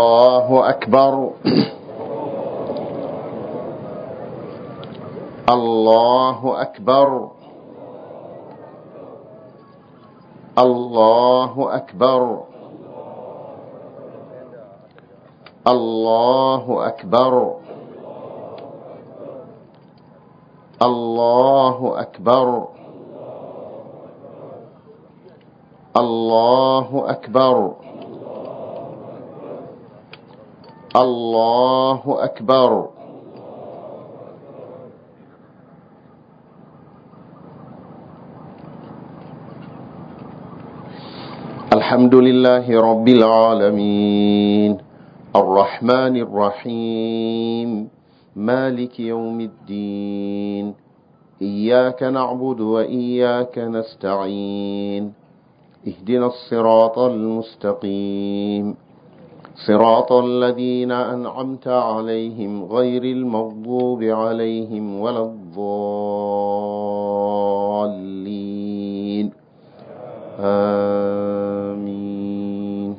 الله أكبر الله أكبر الله أكبر الله أكبر الله أكبر الله أكبر الله أكبر. الله أكبر الحمد لله رب العالمين الرحمن الرحيم مالك يوم الدين إياك نعبد وإياك نستعين اهدنا الصراط المستقيم صراط الذين أنعمت عليهم غير المغضوب عليهم ولا الضالين آمين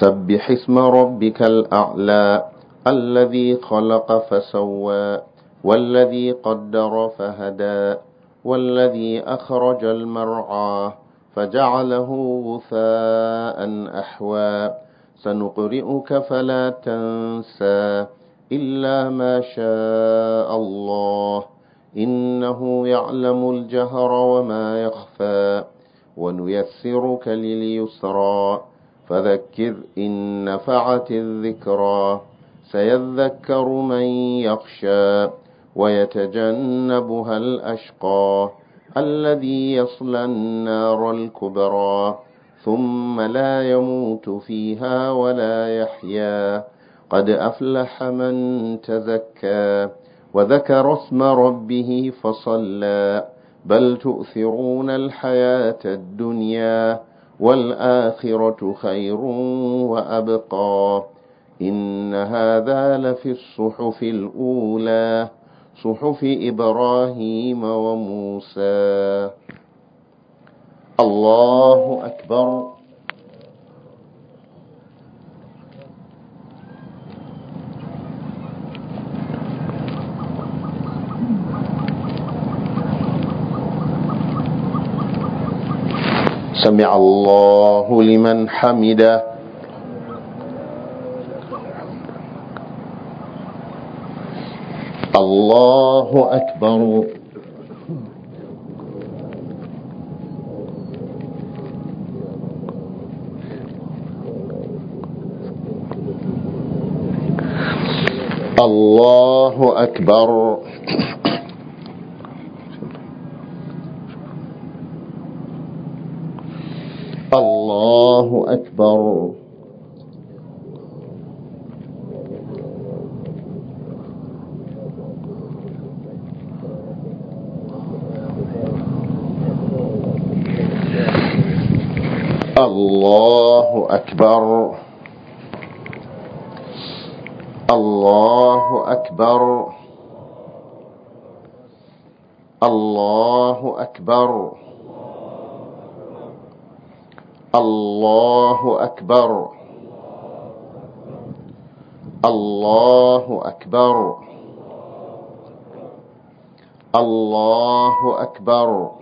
سبح اسم ربك الأعلى الذي خلق فسوى والذي قدر فهدى والذي أخرج المرعى فجعله غثاء أحوى سنقرئك فلا تنسى إلا ما شاء الله إنه يعلم الجهر وما يخفى ونيسرك لليسرى فذكر إن نفعت الذكرى سيذكر من يخشى ويتجنبها الأشقى الذي يصلى النار الكبرى ثم لا يموت فيها ولا يحيا قد أفلح من تزكى وذكر اسم ربه فصلى بل تؤثرون الحياة الدنيا والآخرة خير وأبقى إن هذا لفي الصحف الأولى صحف إبراهيم وموسى الله أكبر سمع الله لمن حمده الله أكبر الله أكبر الله أكبر الله أكبر الله أكبر الله أكبر الله أكبر الله أكبر الله أكبر الله أكبر الله أكبر.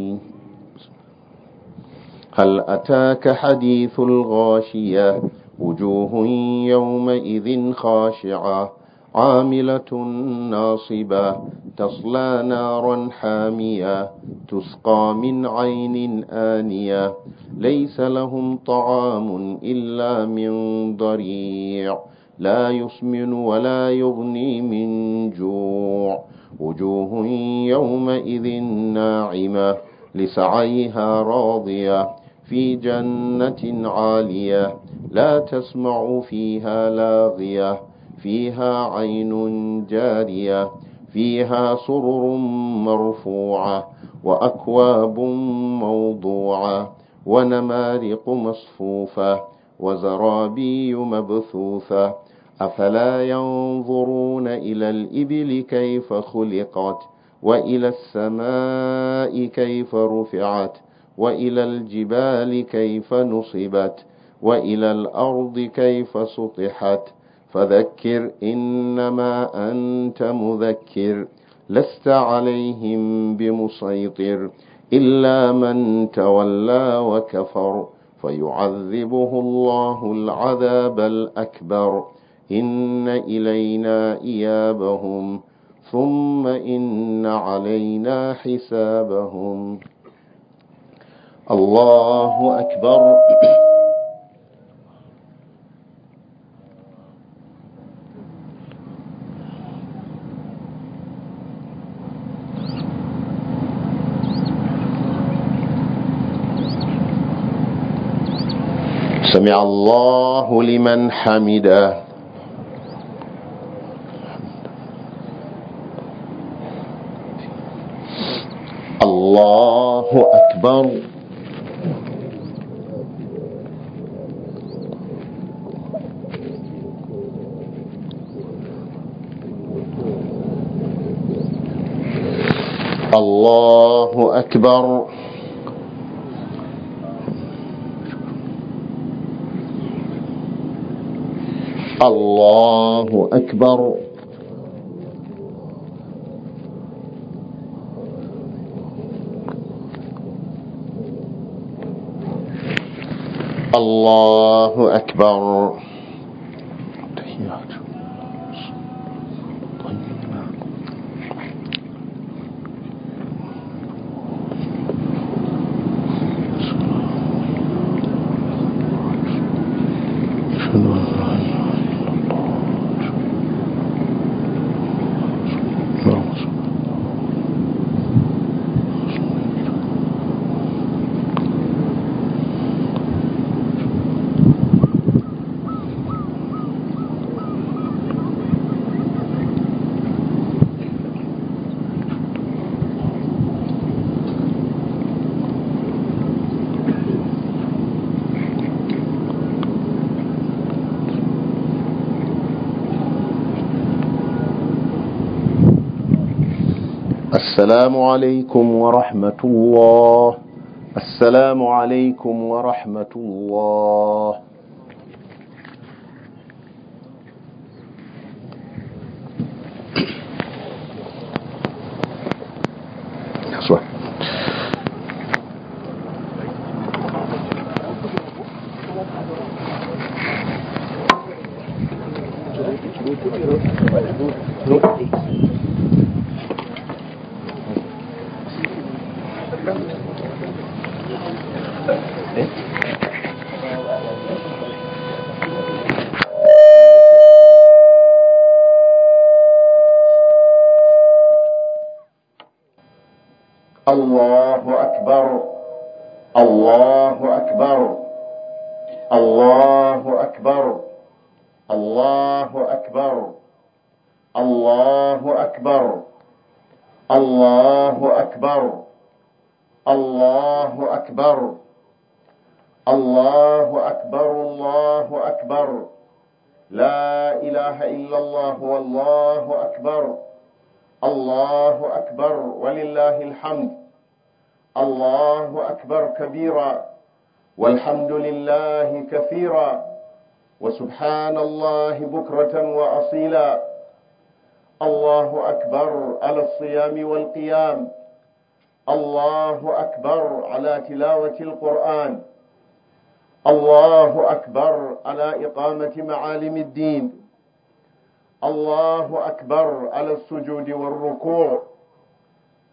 هل أتاك حديث الغاشية وجوه يومئذ خاشعة عاملة ناصبة تصلى نارا حامية تسقى من عين آنية ليس لهم طعام إلا من ضريع لا يسمن ولا يغني من جوع وجوه يومئذ ناعمة لسعيها راضية في جنة عالية لا تسمع فيها لاغية فيها عين جارية فيها سرر مرفوعة وأكواب موضوعة ونمارق مصفوفة وزرابي مبثوثة أفلا ينظرون إلى الإبل كيف خلقت وإلى السماء كيف رفعت ؟ وإلى الجبال كيف نصبت وإلى الأرض كيف سطحت فذكر إنما أنت مذكر لست عليهم بمسيطر إلا من تولى وكفر فيعذبه الله العذاب الأكبر إن إلينا إيابهم ثم إن علينا حسابهم الله أكبر سمع الله لمن حمده الله أكبر الله أكبر الله أكبر الله أكبر الله أكبر السلام عليكم ورحمة الله السلام عليكم ورحمة الله الله أكبر الله أكبر الله أكبر الله أكبر الله أكبر الله أكبر الله أكبر الله أكبر الله أكبر لا إله إلا الله والله أكبر الله أكبر ولله الحمد الله أكبر كبيرا والحمد لله كثيرا وسبحان الله بكرة وأصيلا الله أكبر على الصيام والقيام الله أكبر على تلاوة القرآن الله أكبر على إقامة معالم الدين الله أكبر على السجود والركوع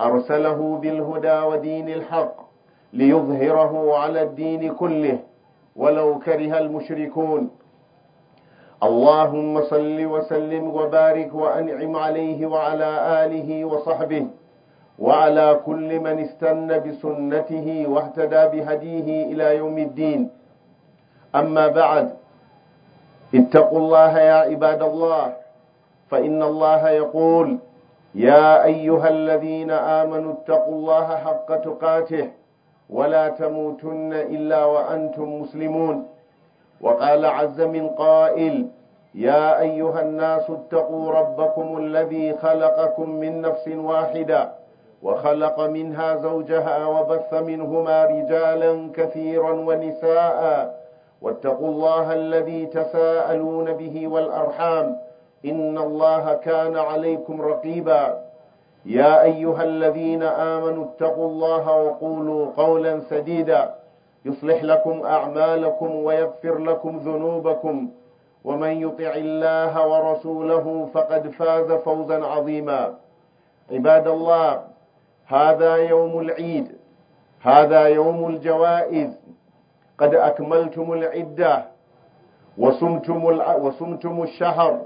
أرسله بالهدى ودين الحق ليظهره على الدين كله ولو كره المشركون اللهم صل وسلم وبارك وأنعم عليه وعلى آله وصحبه وعلى كل من استنى بسنته واهتدى بهديه إلى يوم الدين أما بعد اتقوا الله يا عباد الله فإن الله يقول يا أيها الذين آمنوا اتقوا الله حق تقاته ولا تموتن إلا وأنتم مسلمون وقال عز من قائل يا أيها الناس اتقوا ربكم الذي خلقكم من نفس واحدة وخلق منها زوجها وبث منهما رجالا كثيرا ونساء واتقوا الله الذي تساءلون به والأرحام إن الله كان عليكم رقيبا يا أيها الذين آمنوا اتقوا الله وقولوا قولا سديدا يصلح لكم أعمالكم ويغفر لكم ذنوبكم ومن يطع الله ورسوله فقد فاز فوزا عظيما عباد الله هذا يوم العيد هذا يوم الجوائز قد أكملتم العدة وصمتم, وصمتم الشهر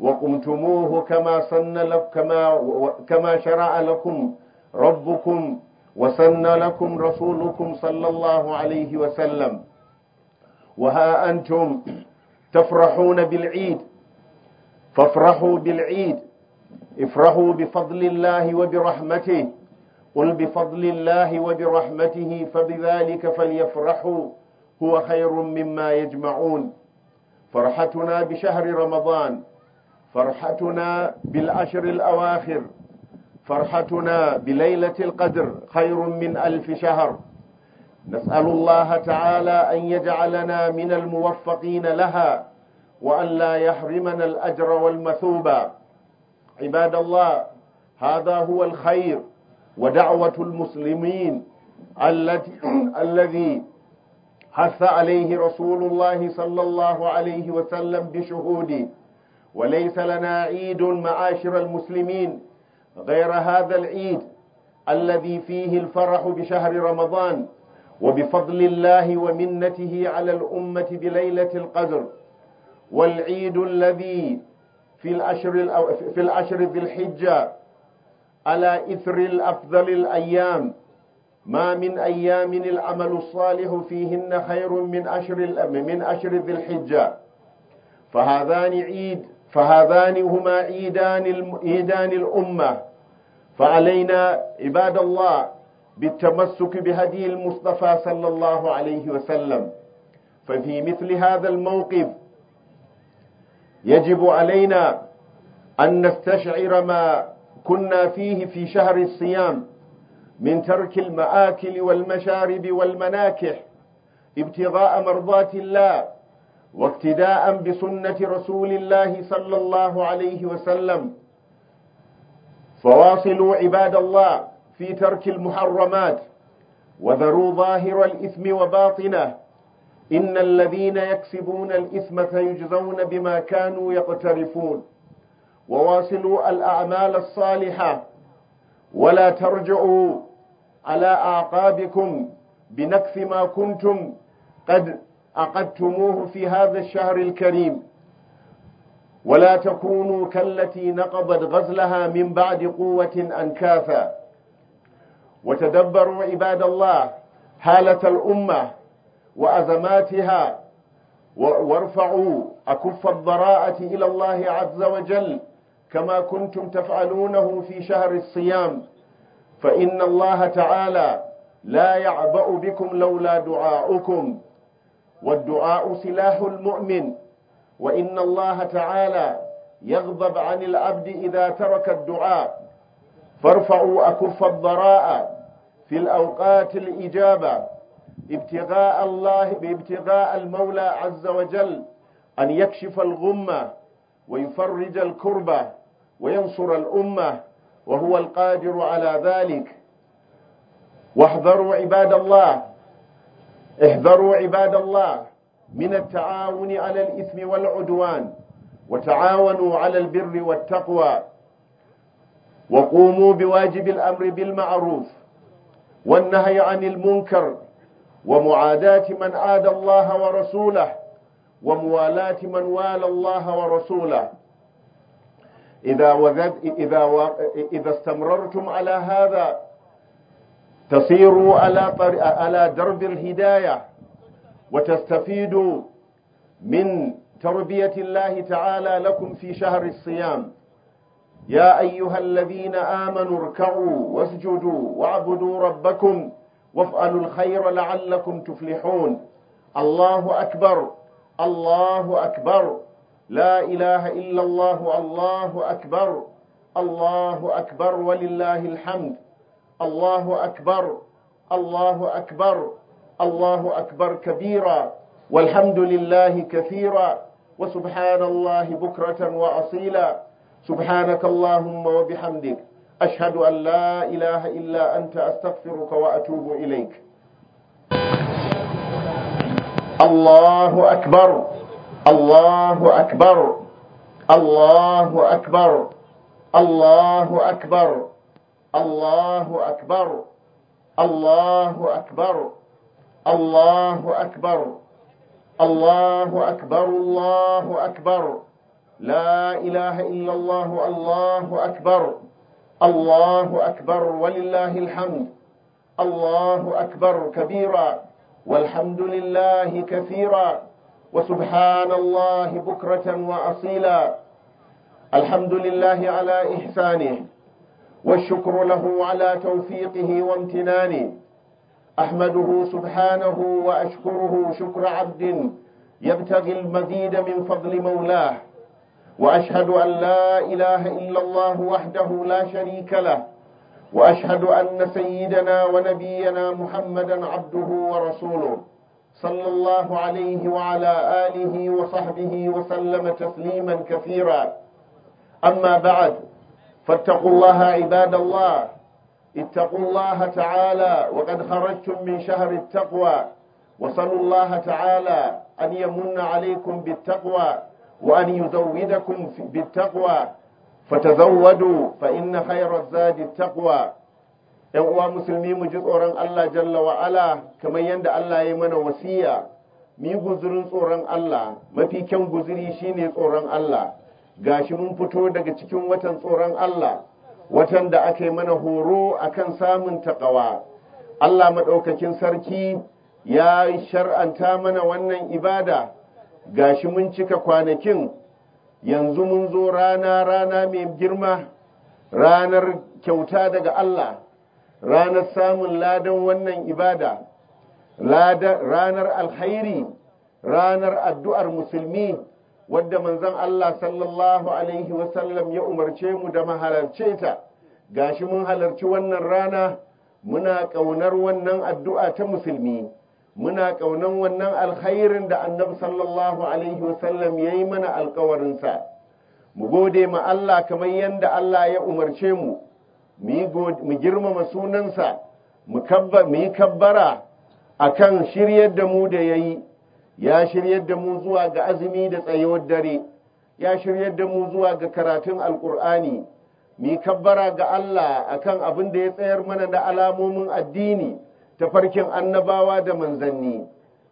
وقمتموه كما سن لكم كما كما شرع لكم ربكم وسن لكم رسولكم صلى الله عليه وسلم وها أنتم تفرحون بالعيد فافرحوا بالعيد افرحوا بفضل الله وبرحمته قل بفضل الله وبرحمته فبذلك فليفرحوا هو خير مما يجمعون فرحتنا بشهر رمضان فرحتنا بالعشر الأواخر فرحتنا بليلة القدر خير من ألف شهر نسأل الله تعالى أن يجعلنا من الموفقين لها وأن لا يحرمنا الأجر والمثوبة عباد الله هذا هو الخير ودعوة المسلمين التي الذي حث عليه رسول الله صلى الله عليه وسلم بشهوده وليس لنا عيد معاشر المسلمين غير هذا العيد الذي فيه الفرح بشهر رمضان وبفضل الله ومنته على الأمة بليلة القدر والعيد الذي في الأشر, في الأشر ذي الحجة على إثر الأفضل الأيام ما من أيام العمل الصالح فيهن خير من أشر, من أشر ذي الحجة فهذان عيد فهذان هما عيدان الأمة فعلينا عباد الله بالتمسك بهدي المصطفى صلى الله عليه وسلم ففي مثل هذا الموقف يجب علينا أن نستشعر ما كنا فيه في شهر الصيام من ترك المآكل والمشارب والمناكح ابتغاء مرضات الله واقتداء بسنة رسول الله صلى الله عليه وسلم فواصلوا عباد الله في ترك المحرمات وذروا ظاهر الإثم وباطنه إن الذين يكسبون الإثم سيجزون بما كانوا يقترفون وواصلوا الأعمال الصالحة ولا ترجعوا على أعقابكم بنكث ما كنتم قد عقدتموه في هذا الشهر الكريم ولا تكونوا كالتي نقضت غزلها من بعد قوة أنكاثا وتدبروا عباد الله حالة الأمة وأزماتها وارفعوا أكف الضراءة إلى الله عز وجل كما كنتم تفعلونه في شهر الصيام فإن الله تعالى لا يعبأ بكم لولا دعاؤكم والدعاء سلاح المؤمن وإن الله تعالى يغضب عن العبد إذا ترك الدعاء فارفعوا أكف الضراء في الأوقات الإجابة ابتغاء الله بابتغاء المولى عز وجل أن يكشف الغمة ويفرج الكربة وينصر الأمة وهو القادر على ذلك واحذروا عباد الله احذروا عباد الله من التعاون على الإثم والعدوان وتعاونوا على البر والتقوى وقوموا بواجب الأمر بالمعروف والنهي عن المنكر ومعاداة من عاد الله ورسوله وموالاة من والى الله ورسوله إذا, إذا, و... إذا استمررتم على هذا تصيروا على, على درب الهداية وتستفيدوا من تربية الله تعالى لكم في شهر الصيام يا أيها الذين آمنوا اركعوا واسجدوا واعبدوا ربكم وافعلوا الخير لعلكم تفلحون الله أكبر الله أكبر لا إله إلا الله الله أكبر الله أكبر ولله الحمد الله أكبر الله أكبر الله أكبر كبيرا والحمد لله كثيرا وسبحان الله بكرة وأصيلا سبحانك اللهم وبحمدك أشهد أن لا إله إلا أنت أستغفرك وأتوب إليك الله أكبر الله أكبر الله أكبر الله أكبر الله أكبر الله أكبر الله أكبر الله أكبر الله أكبر لا إله إلا الله الله أكبر الله أكبر ولله الحمد الله أكبر كبيرا والحمد لله كثيرا وسبحان الله بكرة وأصيلا الحمد لله على إحسانه والشكر له على توفيقه وامتنانه أحمده سبحانه وأشكره شكر عبد يبتغي المزيد من فضل مولاه وأشهد أن لا إله إلا الله وحده لا شريك له وأشهد أن سيدنا ونبينا محمدا عبده ورسوله صلى الله عليه وعلى آله وصحبه وسلم تسليما كثيرا أما بعد فاتقوا الله عباد الله اتقوا الله تعالى وقد خرجتم من شهر التقوى وصلوا الله تعالى أن يمن عليكم بالتقوى وأن يزودكم بالتقوى فتزودوا فإن خير الزاد التقوى يقوى مسلمين جزءورا الله جل وعلا كما يندى الله يمن وسيا مي غزرن صورا الله ما في كم غزري شيني صورا الله gashi mun fito daga cikin watan tsoron Allah watan da aka yi mana horo a kan samun taƙawa Allah maɗaukakin sarki ya shar'anta mana wannan ibada gashi mun cika kwanakin yanzu mun zo rana rana mai girma ranar kyauta daga Allah ranar samun ladan wannan ibada ranar alkhairi ranar addu'ar musulmi wadda manzon Allah sallallahu alaihi wasallam ya umarce mu da mahalarce ta gashi mun halarci wannan rana muna ƙaunar wannan addu'a ta musulmi muna ƙaunar wannan alkhairin da annabi sallallahu alaihi wasallam ya yi mana alkawarinsa mu gode ma Allah kamar yadda Allah ya umarce mu mu girmama sunansa mu yi kabbara a kan shiryar da mu da ya yi ya shiryar da mu zuwa ga azumi da tsayuwar dare ya shiryar da mu zuwa ga karatun alkur'ani mi kabbara ga Allah akan abin da ya tsayar mana da alamomin addini ta farkin annabawa da manzanni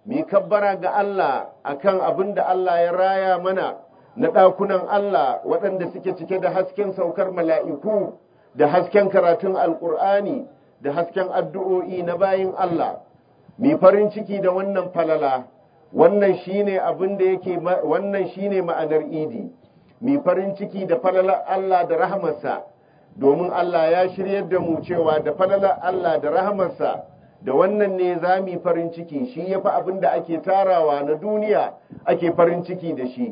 mi kabbara ga Allah akan abin da Allah ya raya mana na ɗakunan Allah waɗanda suke cike da hasken saukar mala'iku da hasken karatun alkur'ani da hasken addu'o'i na bayin Allah mi farin ciki da wannan falala wannan shine abin da yake wannan shine ma'anar idi mi farin ciki da falalar Allah da rahamarsa domin Allah ya shiryar da mu cewa da falalar Allah da rahamarsa da wannan ne za mu farin ciki shi yafi abin da ake tarawa na duniya ake farin ciki da shi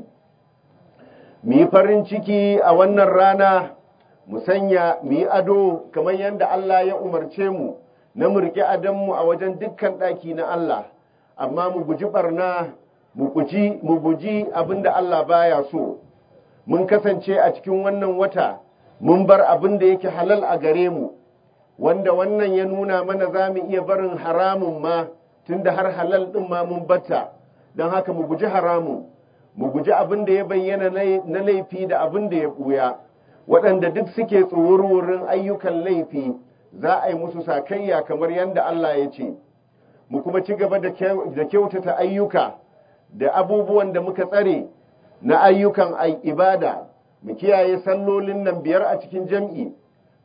mu farin ciki a wannan rana mu sanya mu ado kamar yadda Allah ya umarce mu na murki adanmu a wajen dukkan ɗaki na Allah amma mu guji barna mu guji abin da Allah baya so mun kasance a cikin wannan wata mun bar abin da yake halal a gare mu wanda wannan ya nuna mana za mu iya barin haramun ma tunda har halal ɗin ma mun batta dan haka mu guji haramun mu guji abinda ya bayyana na laifi da abin da ya buya. waɗanda duk suke tsoron ayyukan laifi za a yi musu sakayya kamar yadda Allah ya ce. mu kuma ci gaba da kyautata ayyuka da abubuwan da muka tsare na ayyukan ibada mu kiyaye sallolin nan biyar a cikin jam'i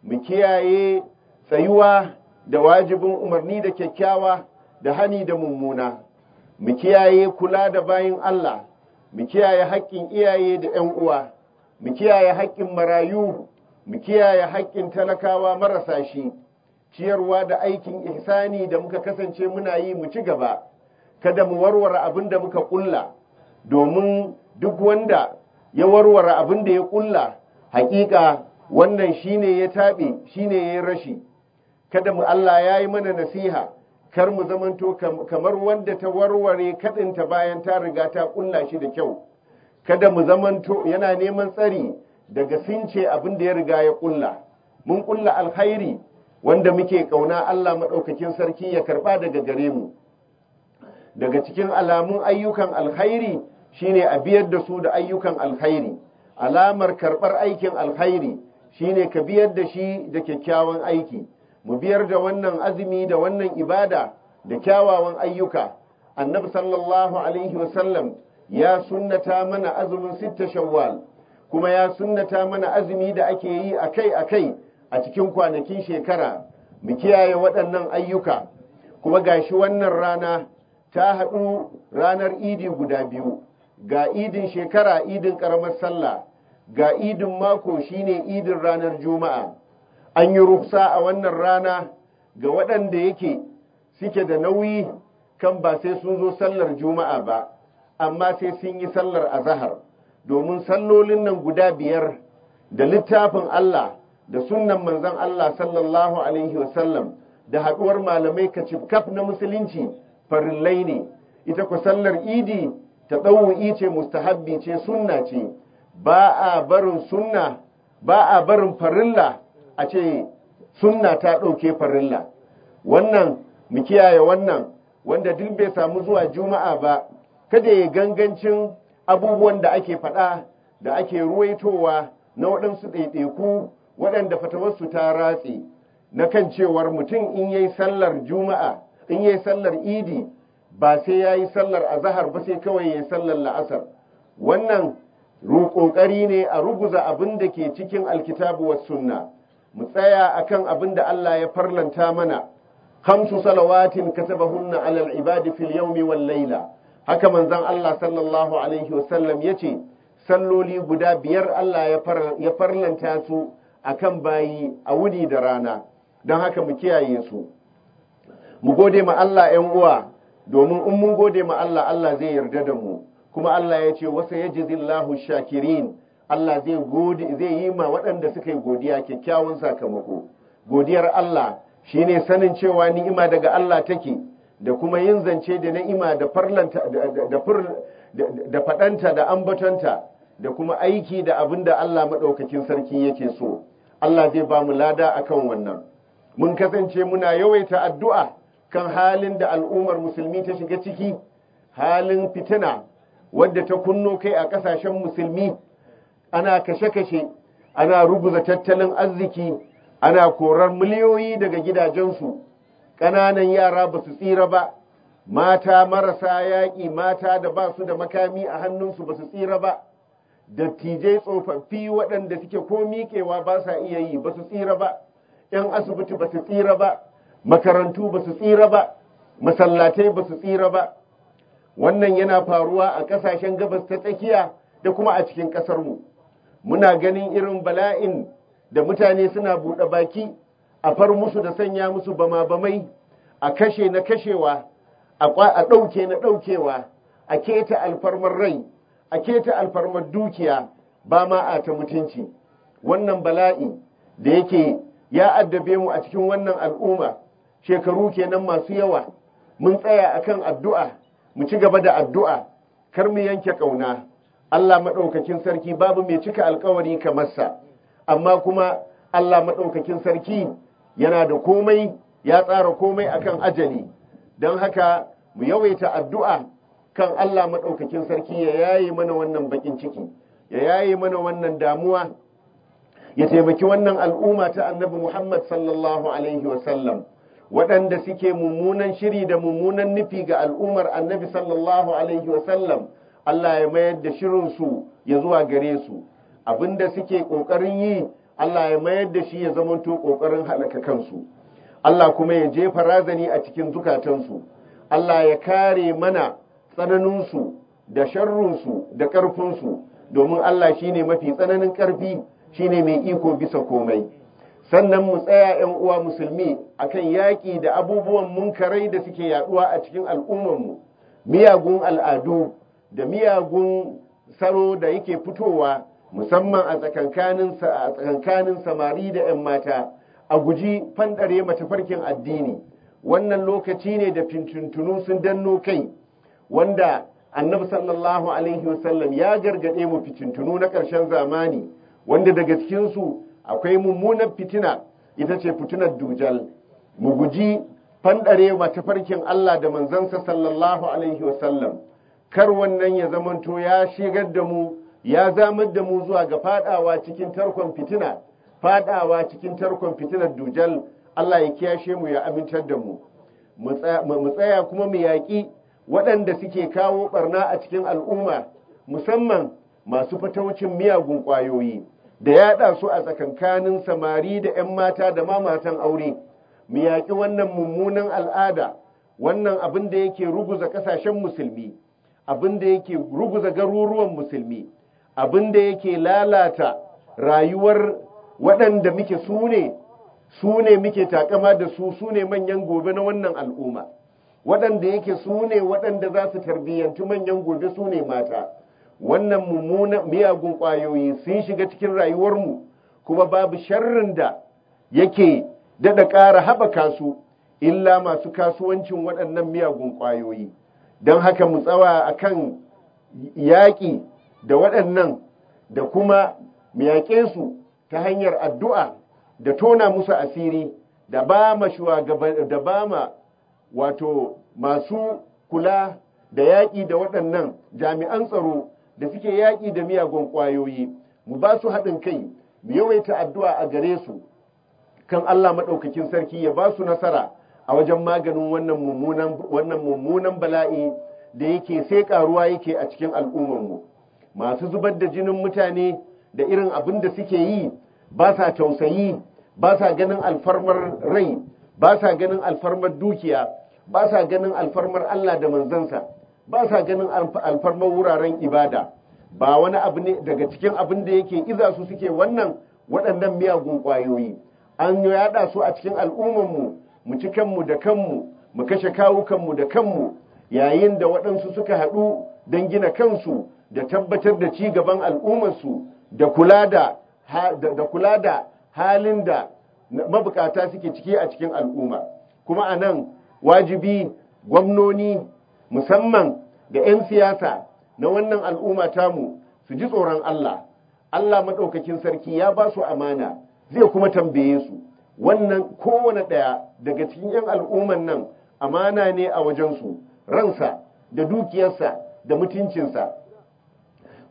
mu kiyaye tsayuwa da wajibin umarni da kyakkyawa da hani da mummuna mu kiyaye kula da bayin Allah mu kiyaye haƙƙin iyaye da ‘yan uwa mu kiyaye haƙƙin marayu mu kiyaye haƙƙin talakawa marasa shi ciyarwa da aikin ihsani da muka kasance muna yi mu ci gaba kada mu warware abin da muka kulla domin duk wanda ya warware abin da ya kulla hakika wannan shine ya tabe shine ya rashi kada mu Allah yayi mana nasiha kar mu zamanto kamar wanda ta warware kadinta bayan ta riga ta kulla shi da kyau kada mu zamanto yana neman tsari daga since abin da ya riga ya kulla mun kulla alkhairi wanda muke kauna Allah madaukakin sarki ya karɓa daga gare mu daga cikin alamun ayyukan alkhairi shine a biyar da su da ayyukan alkhairi alamar karɓar aikin alkhairi shine ka biyar da shi da kyakkyawan aiki mu biyar da wannan azumi da wannan ibada da kyawawan ayyuka annabi sallallahu alaihi wasallam ya sunnata mana azumin sitta shawwal kuma ya sunnata mana azumi da ake yi akai-akai a cikin kwanakin shekara mu kiyaye waɗannan ayyuka kuma gashi wannan rana ta haɗu ranar idi guda biyu ga idin shekara idin ƙaramar sallah ga idin mako shine idin ranar juma'a an yi rufsa a wannan rana ga waɗanda yake suke da nauyi kan ba sai sun zo sallar juma'a ba amma sai sun yi sallar azahar domin sallolin nan guda biyar da littafin Allah da sunan manzon Allah sallallahu alaihi wasallam da haɗuwar malamai kacifkaf na musulunci farillai ne ita ku sallar idi ta ɗau'i ce mustahabbi ce sunna ce ba a barin sunna ba a barin farilla a ce sunna ta ɗauke farilla wannan mu kiyaye wannan wanda duk bai samu zuwa juma'a ba kada ya gangancin abubuwan da ake faɗa da ake ruwaitowa na waɗansu ɗaiɗaiku waɗanda fatawarsu ta ratse na kan cewar mutum in yi sallar juma'a in yayi sallar idi ba sai yayi sallar Azahar ba sai kawai yi sallar la'asar wannan ƙoƙari ne a ruguza abin da ke cikin alkitabu sunna mu tsaya a kan abin da Allah ya farlanta mana Hamsu salawatin katabahunna alal ibadi fil yawmi wal layla haka manzon Allah sallallahu alaihi wasallam yace salloli guda biyar Allah ya farlanta su akan bayi a wuni da rana don haka mu kiyaye su mu gode ma Allah ‘yan uwa domin in mun gode ma Allah Allah zai yarda da mu kuma Allah ya ce wasa ya lahu, shakirin Allah zai yi ma waɗanda suka yi godiya kyakkyawan sakamako godiyar Allah shi ne sanin cewa ni'ima daga Allah take da kuma yin zance da ni'ima da faɗanta da ambatanta da kuma aiki da abin da Allah maɗaukakin sarki yake so Allah zai ba mu lada a kan wannan mun kasance muna yawaita addu'a kan halin da al'ummar musulmi ta shiga ciki halin fitina wadda ta kunno kai a ƙasashen musulmi ana kashe-kashe ana rubuza tattalin arziki ana korar miliyoyi daga gidajensu ƙananan yara ba su tsira ba mata marasa yaƙi mata da ba su da makami a hannunsu ba su tsira ba dattijai tsofaffi waɗanda suke ko miƙewa ba sa iya yi ba su tsira ba ‘yan asibiti ba su tsira ba makarantu ba su tsira ba masallatai ba su tsira ba wannan yana faruwa a ƙasashen gabas ta tsakiya da kuma a cikin ƙasarmu muna ganin irin bala'in da mutane suna buɗe baki a far musu da sanya musu bama-bamai a kashe na kashewa a ɗauke na ɗaukewa a keta alfarmar rai a keta alfarmar dukiya ba ma a ta mutunci wannan bala'i da yake ya addabe mu a cikin wannan al'umma shekaru kenan masu yawa mun tsaya akan addu'a mu ci gaba da addu'a kar mu yanke kauna Allah maɗaukakin sarki babu mai cika alkawari kamar sa amma kuma Allah maɗaukakin sarki yana da komai ya tsara komai akan ajali don haka mu yawaita addu'a kan Allah maɗaukakin sarki ya yaye mana wannan bakin ciki ya yaye mana wannan damuwa ya taimaki wannan al'umma ta annabi Muhammad sallallahu alaihi wasallam waɗanda suke mummunan shiri da mummunan nufi ga al'ummar annabi sallallahu alaihi wasallam Allah ya mayar da shirinsu ya zuwa gare su abinda suke ƙoƙarin yi Allah ya mayar da shi ya zamanto ƙoƙarin halaka kansu Allah kuma ya jefa razani a cikin zukatansu Allah ya kare mana tsananinsu da sharrunsu da ƙarfinsu domin Allah shi ne mafi tsananin ƙarfi shi ne mai iko bisa komai sannan mu tsaya ‘yan uwa musulmi a kan yaƙi da abubuwan munkarai da suke yaɗuwa a cikin al’ummanmu miyagun al'adu da miyagun saro da yake fitowa musamman a tsakankanin samari da ‘yan mata a guji fanɗare farkin addini wannan lokaci ne da fintuntunu sun danno kai wanda annabi sallallahu alaihi wasallam ya gargade mu fitintunu na ƙarshen zamani wanda daga cikin su akwai mummunan fitina ita ce fitinar dujal mu guji fandare wa tafarkin Allah da manzansa sallallahu alaihi wasallam kar wannan ya zamanto ya shigar da mu ya zamar da mu zuwa ga fadawa cikin tarkon fitina fadawa cikin tarkon fitinar dujal Allah ya kiyashe mu ya amintar da mu mu tsaya kuma mu yaƙi waɗanda suke kawo ɓarna a cikin al'umma musamman masu fatawacin miyagun ƙwayoyi da yaɗa su a tsakankanin samari da 'yan mata da ma matan aure mu yaƙi wannan mummunan al'ada wannan abin da yake ruguza ƙasashen musulmi abin da yake ruguza garuruwan musulmi abin da yake lalata rayuwar waɗanda muke su ne su ne muke takama da su su ne manyan gobe na wannan al'umma waɗanda yake su ne waɗanda za su tarbiyyanci manyan gobe su ne mata wannan mummuna miyagun ƙwayoyi sun shiga cikin rayuwarmu kuma babu sharrin da yake daɗa ƙara haɓaka su illa masu kasuwancin waɗannan miyagun ƙwayoyi don haka mu tsawa a kan yaƙi da waɗannan da kuma yaƙe su ta hanyar addu'a da tona musu asiri da ba ma wato masu kula da yaƙi da waɗannan jami'an tsaro da suke yaƙi da miyagun ƙwayoyi mu ba su haɗin kai mu yawaita addu'a a gare su kan Allah maɗaukakin sarki ya ba su nasara a wajen maganin wannan mummunan wannan mummunan bala'i da yake sai ƙaruwa yake a cikin al'ummarmu masu zubar da jinin mutane da irin abin da suke yi ba sa tausayi ba sa ganin alfarmar rai ba sa ganin alfarmar dukiya ba sa ganin alfarmar Allah da manzansa ba sa ganin alfarmar wuraren ibada ba wani abu ne daga cikin abin da yake iza su suke wannan waɗannan miyagun ƙwayoyi an yaɗa su a cikin al'ummarmu mu ci kanmu da kanmu mu kashe kawukanmu da kanmu yayin da waɗansu suka haɗu don gina kansu da tabbatar da ci gaban al'ummarsu da kula da halin da mabukata suke ciki a cikin al'umma kuma a nan wajibi gwamnoni musamman da 'yan siyasa na wannan al'umma tamu su ji tsoron Allah Allah maɗaukakin sarki ya ba su amana zai kuma tambaye su wannan kowane ɗaya daga cikin 'yan al'umman nan amana ne a wajensu ransa da dukiyarsa da mutuncinsa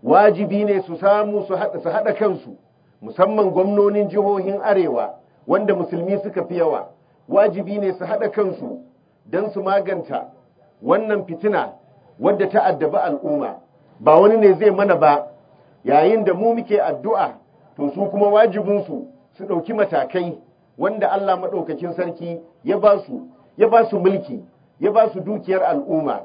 wajibi ne su samu su haɗa kansu musamman gwamnonin jihohin arewa wanda musulmi suka fi yawa wajibi ne su haɗa kansu don su maganta wannan fitina wadda ta addaba al'umma ba wani ne zai mana ba yayin da mu muke addu'a to su kuma wajibinsu su ɗauki matakai wanda Allah maɗaukakin sarki ya ba su ya ba su mulki ya ba su dukiyar al'umma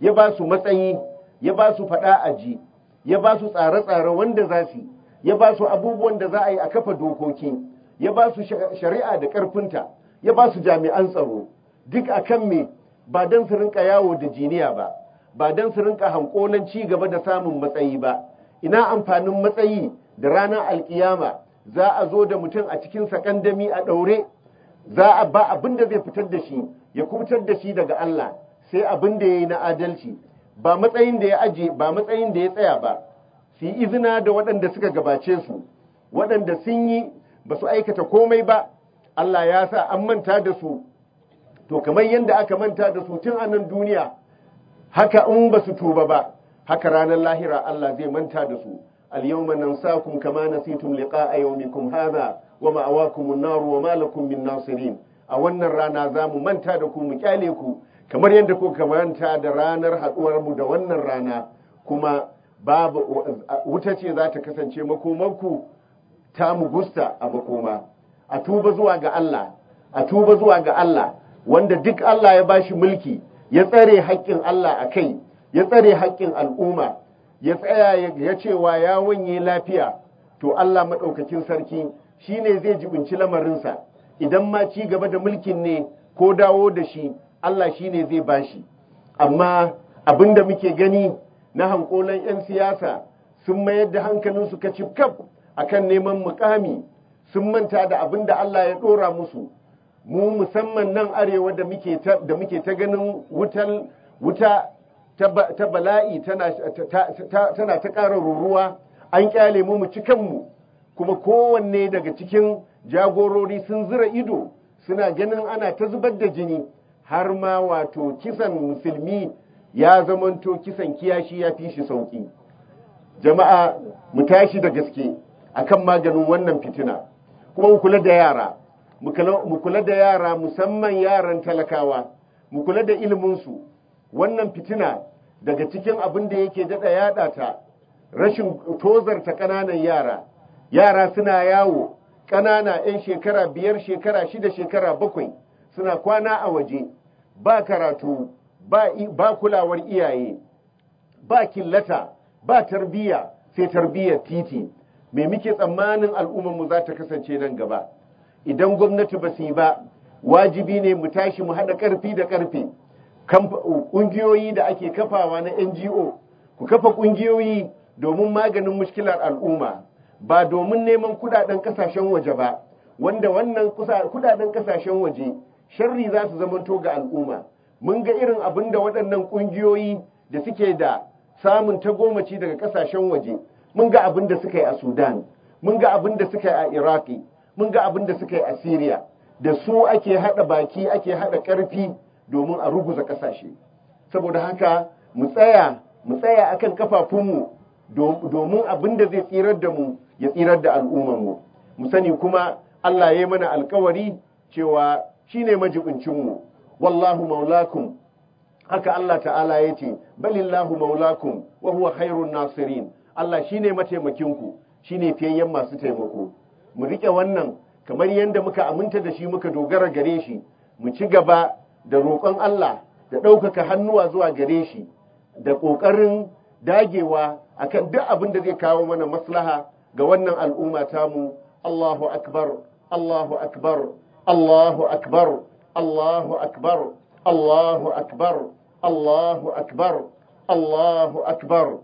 ya ba su matsayi ya ba su faɗa aji ya ba su tsare-tsare wanda za su ya ba su abubuwan da za a yi a kafa dokoki ya ba su shari'a da ƙarfinta ya ba su jami'an tsaro duk akan me ba don su rinka yawo da jiniya ba ba don su rinka hankonan ci gaba da samun matsayi ba ina amfanin matsayi da ranar alkiyama za a zo da mutum a cikin sakandami a ɗaure za a ba abin da zai fitar da shi ya kubutar da shi daga Allah sai abin da ya yi na adalci ba matsayin da ya aje ba matsayin da ya tsaya ba su yi izina da waɗanda suka gabace su waɗanda sun yi ba su aikata komai ba Allah ya sa an manta da su to kamar yadda aka manta da su tun a nan duniya haka in ba su tuba ba haka ranar lahira Allah zai manta da su al-yawma nansakum kama nasitum liqa'a yawmikum hadha wa ma'awakum an-nar wa ma lakum min nasirin a wannan rana za mu manta da ku mu kyale ku kamar yadda ka manta da ranar haduwar mu da wannan rana kuma babu wuta ce za ta kasance makomanku ta mugusta a bakoma a tuba zuwa ga Allah a tuba zuwa ga Allah wanda duk Allah ya bashi mulki ya tsare haƙƙin Allah a kai ya tsare haƙƙin al'umma ya tsaya ya cewa ya wanye lafiya to Allah maɗaukakin sarki shi ne zai jibinci lamarinsa idan ma ci gaba da mulkin ne ko dawo da shi Allah shi ne zai bashi amma abin da muke gani na hankolan 'yan siyasa sun mayar da hankalinsu ka kaf akan neman mukami sun manta da abin da Allah ya dora musu mu musamman nan arewa da muke da muke ta ganin wutan wuta ta bala'i tana tana ta ƙara ruruwa an kyale mu mu cikan mu kuma kowanne daga cikin jagorori sun zura ido suna ganin ana ta zubar da jini har ma wato kisan musulmi ya zamanto kisan kiyashi ya fi shi sauki jama'a mu tashi da gaske akan maganin wannan fitina kuma mu kula da yara mu kula da yara musamman yaran talakawa mu kula da su wannan fitina daga cikin abin da yake dada yaɗa ta rashin tozarta ƙananan yara yara suna yawo ƙanana 'yan shekara biyar shekara shida shekara bakwai suna kwana a waje ba karatu ba kulawar iyaye ba killata ba tarbiyya sai tarbiyyar titi me muke tsammanin al'ummarmu za ta kasance nan gaba idan gwamnati ba su yi ba wajibi ne mu tashi mu haɗa ƙarfi da ƙarfe ƙungiyoyi da ake kafawa na ngo ku kafa ƙungiyoyi domin maganin mushkilar al'umma ba domin neman kudaden kasashen waje ba wanda wannan kudaden kasashen waje sharri za su zamanto ga al'umma mun ga irin abin da waɗannan ƙungiyoyi da suke da samun tagomaci daga kasashen waje mun ga abin da suka yi a Sudan mun ga abin da suka yi a Iraki mun ga abin da suka yi a Syria da su ake hada baki ake hada karfi domin a ruguza kasashe saboda haka mu tsaya mu tsaya akan kafafunmu domin abin da zai tsirar da mu ya tsirar da al'ummarmu mu sani kuma Allah ya yi mana alkawari cewa shine majibincin mu wallahu maulakum haka Allah ta'ala ya ce balillahu maulakum wa huwa khairun nasirin Allah shi shine mataimakinku shine fiyayyen masu taimako mu riƙe wannan kamar yadda muka aminta da shi muka dogara gare shi mu ci gaba da roƙon Allah da ɗaukaka hannuwa zuwa gare shi da ƙoƙarin dagewa akan duk abin da zai kawo mana maslaha ga wannan al'umma tamu Allahu akbar Allahu akbar Allahu akbar Allahu akbar Allahu akbar Allahu akbar Allahu akbar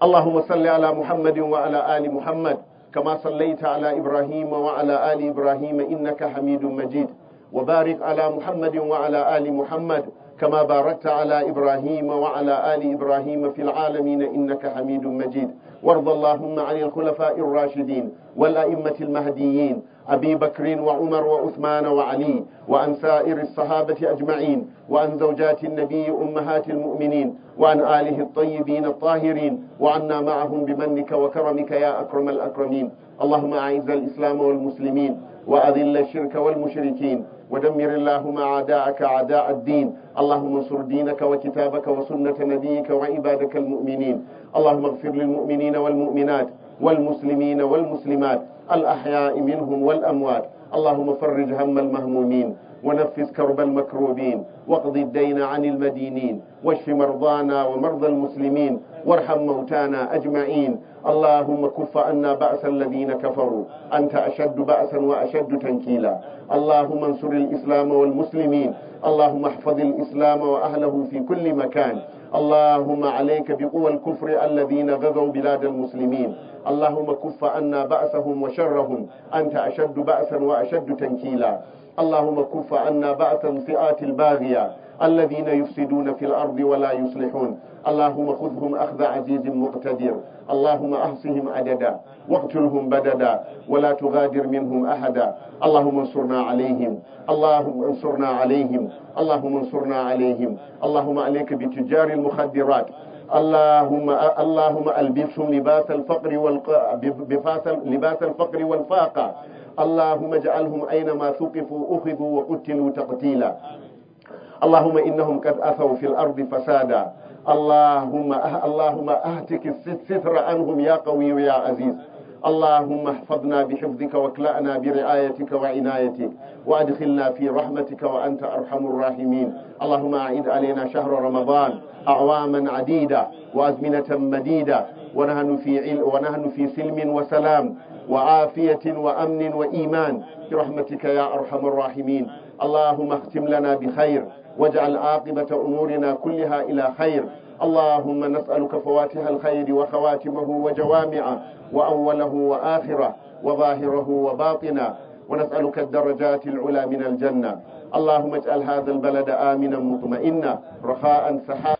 اللهم صل على محمد وعلى آل محمد كما صليت على إبراهيم وعلى آل إبراهيم إنك حميد مجيد وبارك على محمد وعلى آل محمد كما باركت على إبراهيم وعلى آل إبراهيم في العالمين إنك حميد مجيد وارض اللهم عن الخلفاء الراشدين والأئمة المهديين أبي بكر وعمر وعثمان وعلي وعن سائر الصحابة أجمعين وعن زوجات النبي أمهات المؤمنين وعن آله الطيبين الطاهرين وعنا معهم بمنك وكرمك يا أكرم الأكرمين اللهم أعز الإسلام والمسلمين وأذل الشرك والمشركين ودمر اللهم عداءك عداء الدين اللهم انصر دينك وكتابك وسنة نبيك وعبادك المؤمنين اللهم اغفر للمؤمنين والمؤمنات والمسلمين والمسلمات الأحياء منهم والأموات اللهم فرج هم المهمومين ونفس كرب المكروبين واقض الدين عن المدينين واشف مرضانا ومرضى المسلمين وارحم موتانا أجمعين اللهم كف عنا بأس الذين كفروا أنت أشد بأسا وأشد تنكيلا اللهم انصر الإسلام والمسلمين اللهم احفظ الإسلام وأهله في كل مكان اللهم عليك بقوى الكفر الذين غزوا بلاد المسلمين اللهم كف عنا بأسهم وشرهم أنت أشد بأسا وأشد تنكيلا اللهم كف عنا بأس الفئات الباغية الذين يفسدون في الأرض ولا يصلحون اللهم خذهم أخذ عزيز مقتدر اللهم أحصهم عددا واقتلهم بددا ولا تغادر منهم أحدا اللهم انصرنا عليهم اللهم انصرنا عليهم اللهم انصرنا عليهم اللهم عليك بتجار المخدرات اللهم اللهم البسهم لباس الفقر والق... بفاس لباس الفقر والفاقة اللهم اجعلهم اينما ثقفوا اخذوا وقتلوا تقتيلا اللهم انهم قد اثوا في الارض فسادا اللهم أه اللهم اهتك الستر عنهم يا قوي يا عزيز اللهم احفظنا بحفظك واكلأنا برعايتك وعنايتك وادخلنا في رحمتك وأنت أرحم الراحمين اللهم أعيد علينا شهر رمضان أعواما عديدة وأزمنة مديدة ونحن في, عل ونحن في سلم وسلام وعافية وأمن وإيمان برحمتك يا أرحم الراحمين اللهم اختم لنا بخير واجعل عاقبة أمورنا كلها إلى خير اللهم نسألك فواتح الخير وخواتمه وجوامعه وأوله وآخره وظاهره وباطنه ونسألك الدرجات العلى من الجنة اللهم اجعل هذا البلد آمنا مطمئنا رخاء سحابا